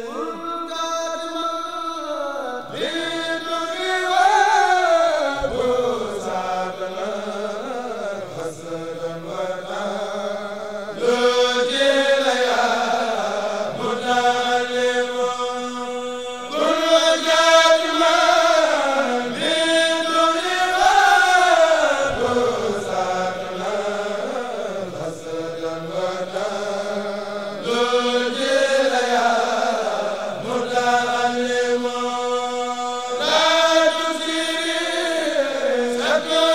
Oh Muhammad